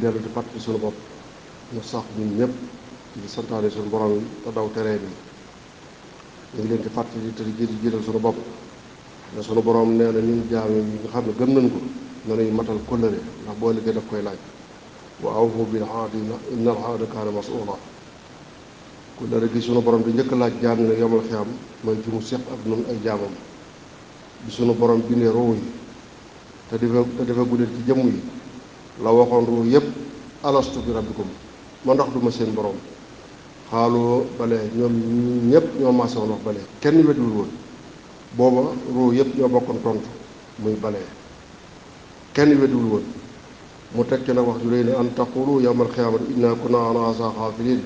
dellu di fàttali sunu bopp ñu sax ñun ñëpp di santaane suñu borom te daw teree bi ñu ngi leen di fàttali te di jiital suñu bopp ne suñu borom nee na ñun jaam yi nga xam ne gëm nañ ko nanuy matal kóllëre ndax boo liggéey daf koy laaj wa awfu bil ahdi inna al ahda kaana mas'uula kóllëre gi laaj jaam yi nag yomal xiyam mooy ci mu seq ak nun ay jaamam bi suñu borom bindee roow yi te defe te defe guddee ci jëmm yi la waxoon ruux yépp alastu bi rabbikum ma ndax duma seen boroom xaaloo bale ñoom ñépp ñoo maase woon wax bale kenn weddiwul woon booba ruux yépp ñoo bokkoon tontu muy bale kenn weddiwul woon mu tekki nag wax ju rëy ne an taqulu yawmal xiyaamati inna kunna an haazaa xaafiliin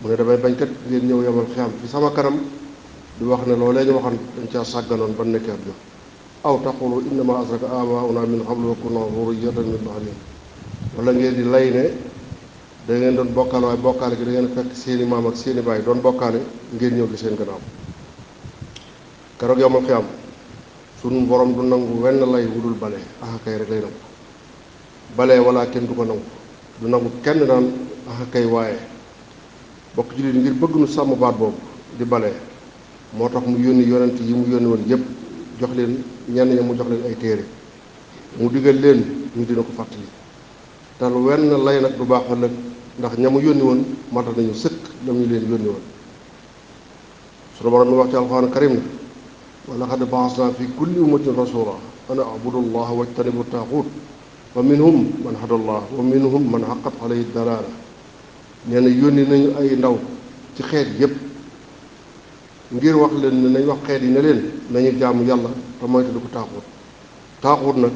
mu ne damay bañkat ngeen ñëw yawmal xiyaam fi sama kanam di wax ne loolee ñu waxoon dañ caa sàgganoon ban nekk ab jox aw taqulu innama asraka abauna min qablu wa kunna zurriyatan min ba'di wala ngeen lay ne da ngeen doon bokkaale waaye bokkaale gi da ngeen fekk seeni maam ak seeni baay doon bokkaale ngeen ñëw di seen gannaaw keroog yow ma fi am sunu borom du nangu wenn lay dul bale ah rek lay nangu bale wala kenn du ko nangu du nangu kenn daan ah waaye bokk jullit ngir bëgg nu sàmm baat boobu di bale moo tax mu yónni yonent yi mu yónni woon yépp jox leen ñenn ña mu jox leen ay téere mu digal leen ñu dina ko fàttali te lu wenn lay nag du baax ëllëg ndax ña mu yónni woon matal nañu sëkk la ñu leen yónni woon suñu borom mi wax ci alxuraan karim na wa laqad ba'asna fi kulli ummatin rasula an a'budu allaha wajtanibu taaxuut wa minhum man hada allah wa minhum man xaqat alayhi dalaala nee na yónni nañu ay ndaw ci xeet yépp ngir wax leen ne wax xeet yi ne leen nañu jàmm yàlla te moytu du ko taaxuut nag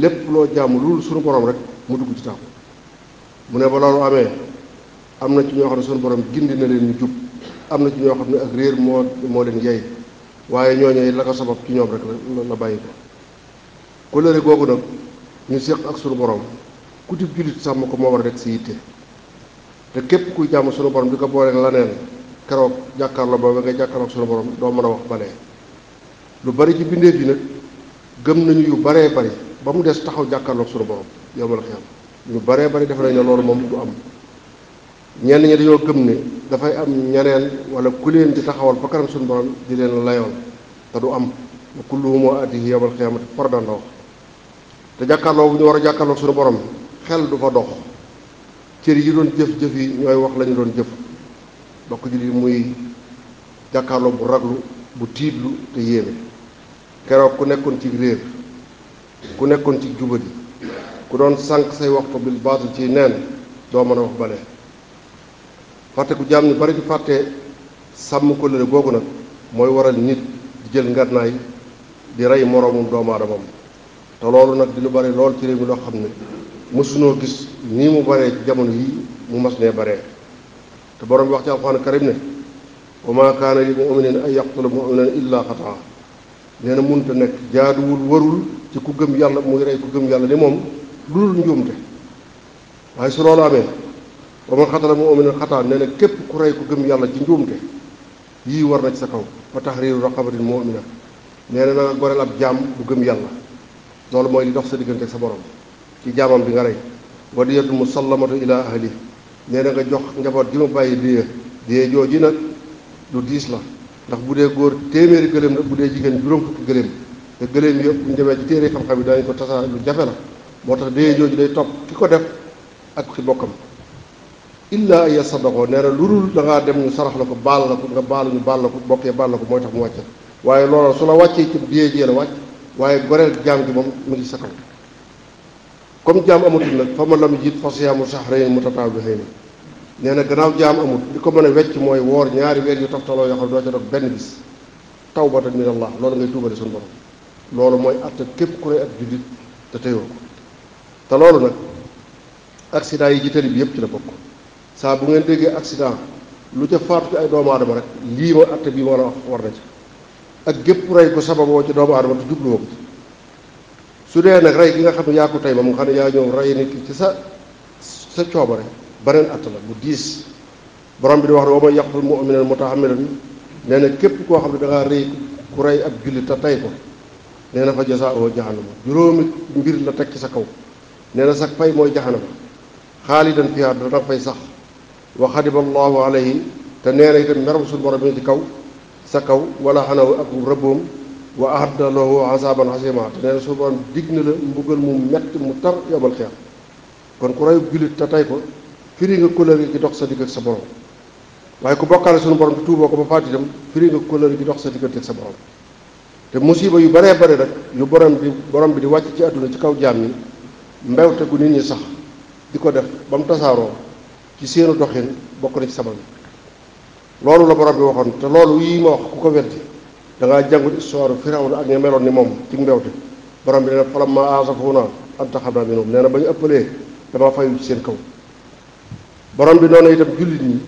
lépp loo jaamu loolu suñu borom rek mu dugg ci taaxuut mu ne ba loolu amee am na ci ñoo xam ne suñu borom gindi na leen ñu jub am na ci ñoo xam ne ak réer moo moo leen yey waaye ñooñu la ko sabab ci ñoom rek la bàyyi ko kóllëre googu nag ñu séq ak suñu borom ku ci jullit sàmm ko moo war a rek si yitte te képp kuy jàmm sunu borom di ko boole la neen keroog jàkkaarloo boobu nga jàkkaarloog sunu borom doo mën a wax balee lu bari ci bindeef yi nag gëm nañu yu baree bari ba mu des taxaw jàkkaarloog sunu borom yowmal xiyam baree bari defe nañ ne loolu moom du am ñenn ñi dañoo gëm ne dafay am ñeneen wala ku leen di taxawal ba kanam sunu di leen layoon te du am wa kulluhum aatihi yowmal xiyamati fardan la wax te jàkkaarloo bu ñu war a jàkkaarloog sunu borom xel du fa dox cër yi doon jëf-jëf yi ñooy wax lañu doon jëf bokk jullit muy jàkkaarloo bu raglu bu tiiblu te yéeme keroog ku nekkoon ci réer ku nekkoon ci jubadi ku doon sànq say waxtu bil baatil ci neen doo mën a wax bale fàtte ku jaam ñu bari di fàtte sàmm ko lële googu nag mooy waral nit di jël ngannaay di rey moroomum doomu aadamam te loolu nag di lu bari lool ci réew mi loo xam ne mësunoo gis nii mu baree ci jamono yii mu mas nee baree te borom bi wax ci alxuraan karim ne wa maa kaana li muminin an yaqtula muminan illa xataa nee na munta nekk jaaduwul warul ci ku gëm yàlla muy rey ku gëm yàlla ni moom lu dul njuumte waaye su loolu amee wa man xatala muminan xataa nee na képp ku rey ku gëm yàlla ci njuumte yii war na ci sa kaw fa tahriiru raqabatin mumina nee na na nga goreel ab jaam bu gëm yàlla loolu mooy li dox sa diggante sa borom ci jaamam bi nga rey wa diyatu musallamatu ila ahli nee na nga jox njaboot gi ma bàyyi die die jooji nag lu diis la ndax bu dee góor téeméeri gëléem la bu dee jigéen juróom fukki gëléem te gëléem yëpp bu ñu demee ci téere xam-xam yi daañu ko tasaare lu jafe la moo tax die jooju day topp ki ko def ak ki bokkam illa ay sadaqoo nee na lu dul da ngaa dem ñu sarax la ko baal la ko nga baal ñu baal la ko bokkee baal la ko mooy tax mu wàcce waaye loola su la wàccee ci die ji la wàcc waaye goreel jaam gi moom mu ngi comme jaam amatul nag fa ma lam jiit fa siyaamu sahrayni mutataabi'ayni nee na gannaaw jaam amut li ko mën a wecc mooy woor ñaari weer yu toftaloo yoo xam ne doo ca dog benn bis tawbatan min allah loolu ngay tuubale suñu borom loolu mooy atta képp ku ne ak jullit te teyoo ko te loolu nag accident yi ci bi yëpp ci la bokk saa bu ngeen déggee accident lu ca faatu ci ay doomu aadama rek lii ma atta bii ma la wax war na ci ak gépp rey ko sababoo ci doomu aadama te su dee nag rey gi nga xam ne yaa ko tey moom nga xam ne yaa ñëw rey nit ki ci sa sa coobare beneen att la bu diis borom bi di wax moo wa man yaqtul mu'minan mutaamidan nee na képp koo xam ne da ngaa rey ku rey ab jullit te tey ko nee na fa jasaa'uhu jahannama juróomi mbir la teg ci sa kaw nee na sa fay mooy jahannama xaalidan fiihaa dana fay sax wa xadiba allahu alayhi te nee na itam meram suñu borom bi ci kaw sa kaw wala xanaw ak rëbboom wa ahadda lahu azaban azima te nee na borom dig na la mbugal mu mett mu tar yomal xeex kon ku reyu jullit te tey ko firi nga kóllëre gi dox sa digg sa borom waaye ku bokkaale suñu borom te tuuboo ko ba faat itam firi nga kóllëre gi dox sa digg ak sa borom te musiba yu baree bare rek yu borom bi borom bi di wàcc ci àdduna ci kaw jaam yi mbewte gu nit ñi sax di ko def ba mu tasaaroo ci seenu doxin bokk na ci sabab loolu la borom bi waxoon te loolu yii ma wax ku ko weddi da ngaa jàngut histoire Firawna ak ña meloon ni moom ci mbewte borom bi nee na falammaa aasafuunaa antaqamnaa minhum nee na ba ñu ëppalee dama fayu ci seen kaw borom bi noonu itam jullit ñi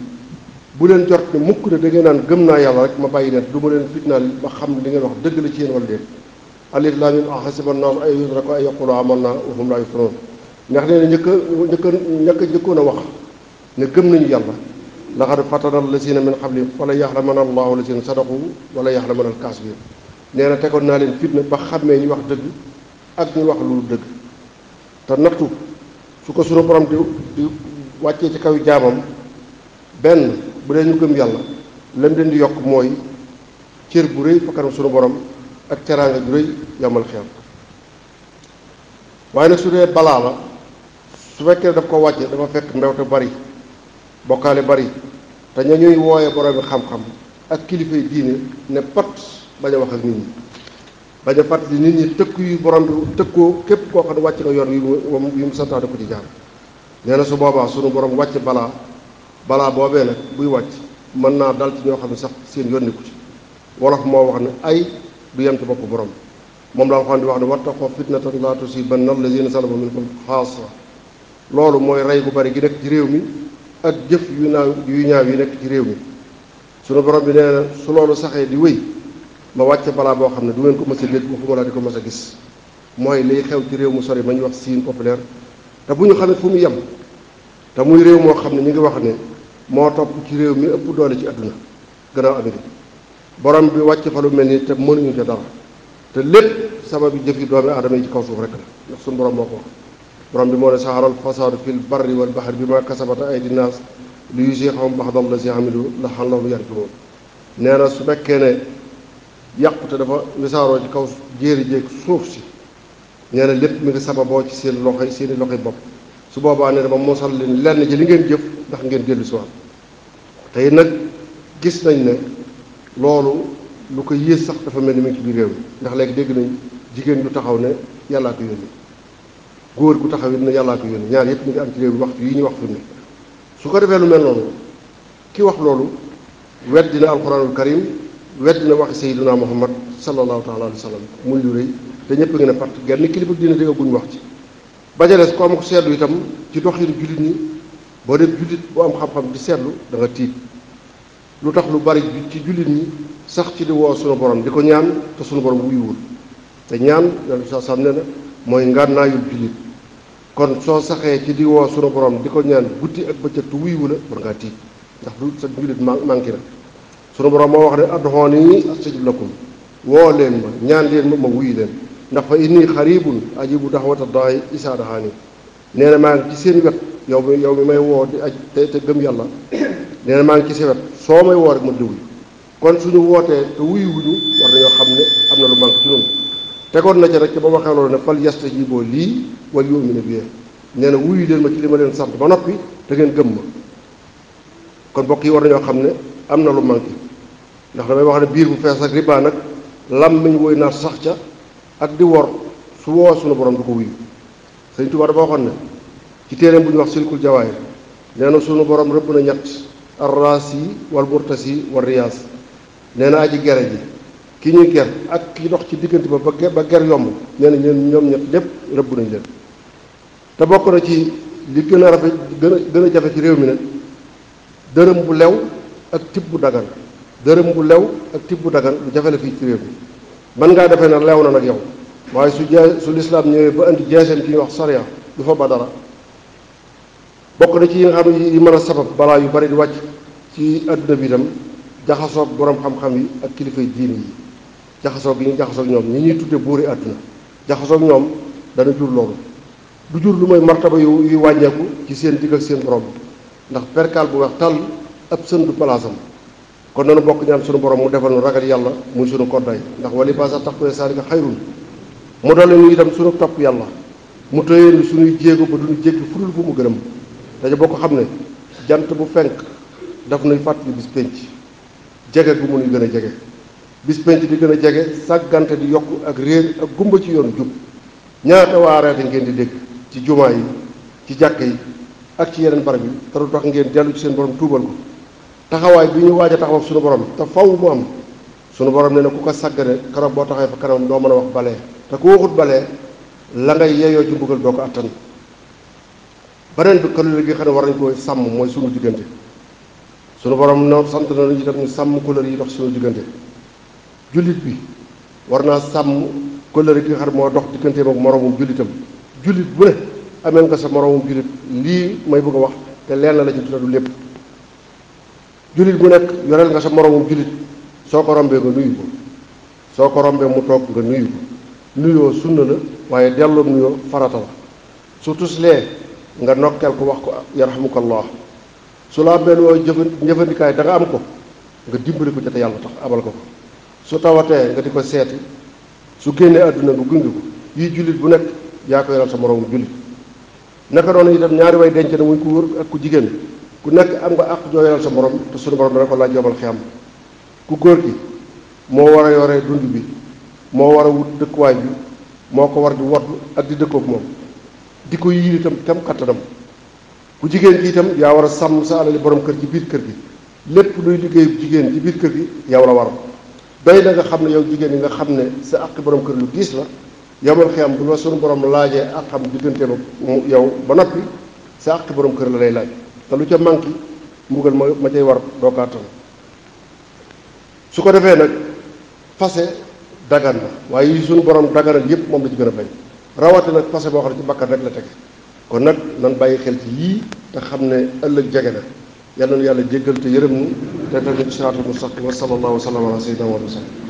bu leen jot ne mukk ne naan gëm naa yàlla rek ma bàyyi leen du ma leen fitnaal ma xam li ngeen wax dëgg la ci yéen wala déet alif laam miim ahasiba naasu ay yutrako ay yaqulu amanna wa hum laa yuftanuun ndax nee na ñëkk a ñëkk njëkkoon a wax ne gëm nañu yàlla laqad fatana allasina min qabli fala yaxlamana allahu allasina sadaqu wala yaxlamana alkaasibin nee na tegoon naa leen fitna ba xàmmee ñi wax dëgg ak ñu wax lu dëgg te nattu su ko sunu borom di di wàccee ci kaw jaamam benn bu dee ñu gëm yàlla lam leen di yokk mooy cër bu rëy fa kanam sunu borom ak teraanga ju rëy yamal xeer waaye nag su dee balaa la su fekkee daf ko wàcce dafa fekk mbewte bari bokkaale bari te ña ñuy wooye boroomi xam-xam ak kilifay diine ne pat bañ a wax ak nit ñi bañ a fàttali nit ñi tëkk yu borom bi tëkkoo képp koo xam ne wàcc nga yor yu mu yu mu santaane ko ci jaar nee na su boobaa sunu borom wàcc balaa balaa boobee nag buy wàcc mën naa dal ci ñoo xam ne sax seen yónniku ci wolof moo wax ne ay du yem ci bopp borom moom la waxoon di wax ne wattaqoo fitnatan laa tusiibanna allaziina zalamu minkum xaasa loolu mooy rey gu bari gi nekk ci réew mi ak jëf yu naaw yu ñaaw yi nekk ci réew mi sunu borom bi nee na su loolu saxee di wéy ma wàcce balaa boo xam ne du ngeen ko mës a dégg waxuma laa di ko mës gis mooy liy xew ci réew mu sori ma ñuy wax siin populaire te bu ñu xamee fu mu yem te muy réew moo xam ne ñu ngi wax ne moo topp ci réew mi ëpp doole ci àdduna a Amérique borom bi wàcc fa lu mel ni te mënuñu ca dara te lépp sababu jëf yi doomi aadama yi ci kaw suuf rek la ndax suñu borom moo ko wax borom bi moo ne saxaral fasaadu fil barri wal baxri bi ma kasabata aydi naas li yusiqahum baxdal la si amilu la xallahum yarjiun nee na su fekkee ne yàqute dafa wisaaroo ci kaw jéeri jéeg suuf si nee na lépp mi ngi sababoo ci seen loxo seeni loxo bopp su boobaa ne dama mosal leen lenn ci li ngeen jëf ndax ngeen dellu si tey nag gis nañ ne loolu lu ko yées sax dafa mel ni bi réew mi ndax léegi dégg nañ jigéen du taxaw ne yàllaa ko yónni góor gu taxawit na yàllaa ko yónni ñaar yëpp ñu ngi am ci réew mi yi ñu wax fi mu su ko defee lu mel noonu ki wax loolu weddi na alquranul karim weddi na waxi sayyidina muhammad sallallahu taala alayhi wa sallam muy lu rëy te ñëpp ngi ne part genn kilifa dina dégg guñ wax ci bajalees ko am ko seetlu itam ci doxinu jullit ñi boo def jullit bu am xam-xam di seetlu da nga tiit lu tax lu bari ci jullit ñi sax ci di woo sunu borom di ko ñaan te suñu borom wuyuwul te ñaan yàlla mooy ngànnaayul kon soo saxee ci di woo sunu borom di ko ñaan guddi ak bëccëg tu wuyu la war ngaa tiit ndax du sa jullit manqué na sunu borom moo wax ne ud'uunii astajib lakum woo leen ma ñaan leen ma ma wuyu leen ndax fa innii xariibun ajiibu da'wata daa'i izaa da'aani nee na maa ngi ci seen wet yow mi yow mi may woo di aj te te gëm yàlla nee na maa ngi ci sa wet soo may woo rek ma di wuyu kon suñu wootee te wuyu ñu war nañoo xam ne am na lu manqué ci tegoon na ca rek ba waxee loolu ne fal yastajibu lii wal yu'minu bi nee na wuyu leen ma ci li ma leen sant ba noppi te ngeen gëm ma kon mbokk yi war ñoo xam ne am na lu manqué ndax damay wax ne biir bu fees ak riba nag làmmiñ woy naa sax ca ak di wor su woo sunu borom du ko wuyu Sëñ Tuubaa dafa waxoon ne ci téereem bu ñu wax silkul jawaay nee na sunu borom rëbb na ñett arraas yi wal murtas yi wal riyaas nee na aji gere ji ki ñuy ger ak ki dox ci diggante ba ba ger yomb ñeen na ñeen ñoom ñett lépp rëbb nañ leen te bokk na ci li gën a rafet gën a gën a jafe ci réew mi nag dërëm bu lew ak tib bu dagan dërëm bu lew ak tib bu dagan lu jafe la fii ci réew mi mën ngaa defee na lew na nag yow waaye su jee su lislaam ñëwee ba indi jeexeem ci ñuy wax sariya du fa ba dara bokk na ci yi nga xam ne yi mën a sabab balaa yu bari di wàcc ci àddina bi itam jaxasoo boroom xam-xam yi ak kilifay diin yi jaxasoo gi ñu jaxasoo ñoom ñi ñuy tudde buuri àdduna jaxasoo ñoom dana jur loolu du jur lu may martaba yu yu wàññeeku ci seen digg ak seen borom ndax perkaal bu wax tàll ab sën du palaasam kon nanu bokk ñaan sunu borom mu defal nu ragal yàlla muy sunu koddaay ndax wali basa saa koy saalika xayrun mu doole ñu itam sunu topp yàlla mu tëyee ni suñuy jéego ba duñu jéggi fudul fu mu gërëm boo ko xam ne jant bu fenk daf nuy fàttali bis pénc jege gu mu nuy gën a jege bis penc di gën a jege sàggante di yokk ak réer ak gumba ci yoon jub ñaata waaraate ngeen di dégg ci jumaa yi ci jàkk yi ak ci yeneen barab yi te du tax ngeen dellu ci seen borom tuubal ko taxawaay bi ñu waaj a taxaw suñu borom te faw mu am suñu borom ne na ku ko sàggane kanam boo taxawee fa kanam doo mën a wax balee te ku waxut balee la ngay yeeyoo ci mbugal doo ko attan beneen bi kóllëre gi xam ne war nañ koy sàmm mooy suñu diggante sunu borom no sant na lu ñu tam ñu sàmm kóllëre yi dox suñu diggante jullit bi war naa sàmm kóllëre gi nga moo dox digganteem ak moroomum jullitam jullit bu ne nga sa moroomum jullit lii may bëgg wax te leen la ci tudda du bu nekk yoreel nga sa moroomum jullit soo ko rombee nga nuyu ko soo ko rombee mu toog nga nuyu ko nuyoo sunna la waaye delloo nuyoo farata la su tuslee nga nokkeel ko wax ko yarhamukallah su la am benn woo jëfandikaay da nga am ko nga dimbali ko jot yàlla tax abal ko ko su tawatee nga di ko seeti su génnee àdduna bu gunge ko yii jullit bu nekk yaa ko yoral sa moroomu jullit naka noonu itam ñaari way denc na muy ku wóor ak ku jigéen ku nekk am nga àq joo yoral sa morom te suñu borom dana ko laaj yomal xiyam ku góor gi moo war a yore dund bi moo war a wut dëkkuwaay bi moo ko war di wottu ak di dëkkook moom di ko yiir itam tam kattanam ku jigéen ji itam yaa war a sàmm sa alali borom kër ci biir kër gi lépp luy liggéey jigéen ci biir kër gi yow la doy na nga xam ne yow jigéen yi nga xam ne sa àqi borom kër lu diis la yomal xiyam bu la suñu borom laajee ak xam diggante ba yow ba noppi sa àqi borom kër la lay laaj te lu ca manqué mbugal ma ma cay war doo ko su ko defee nag fase dagan na waaye yi suñu borom daganal yépp moom la ci gën a bañ rawate nag fase boo xam ne ci bakkan rek la teg kon nag nan bàyyi xel ci yii te xam ne ëllëg jege na yal na nu yàlla jéggal te yërëm nu te teg na ci siraatul mustaqim wa sallallahu wa sallam ala sayyidina wa sallam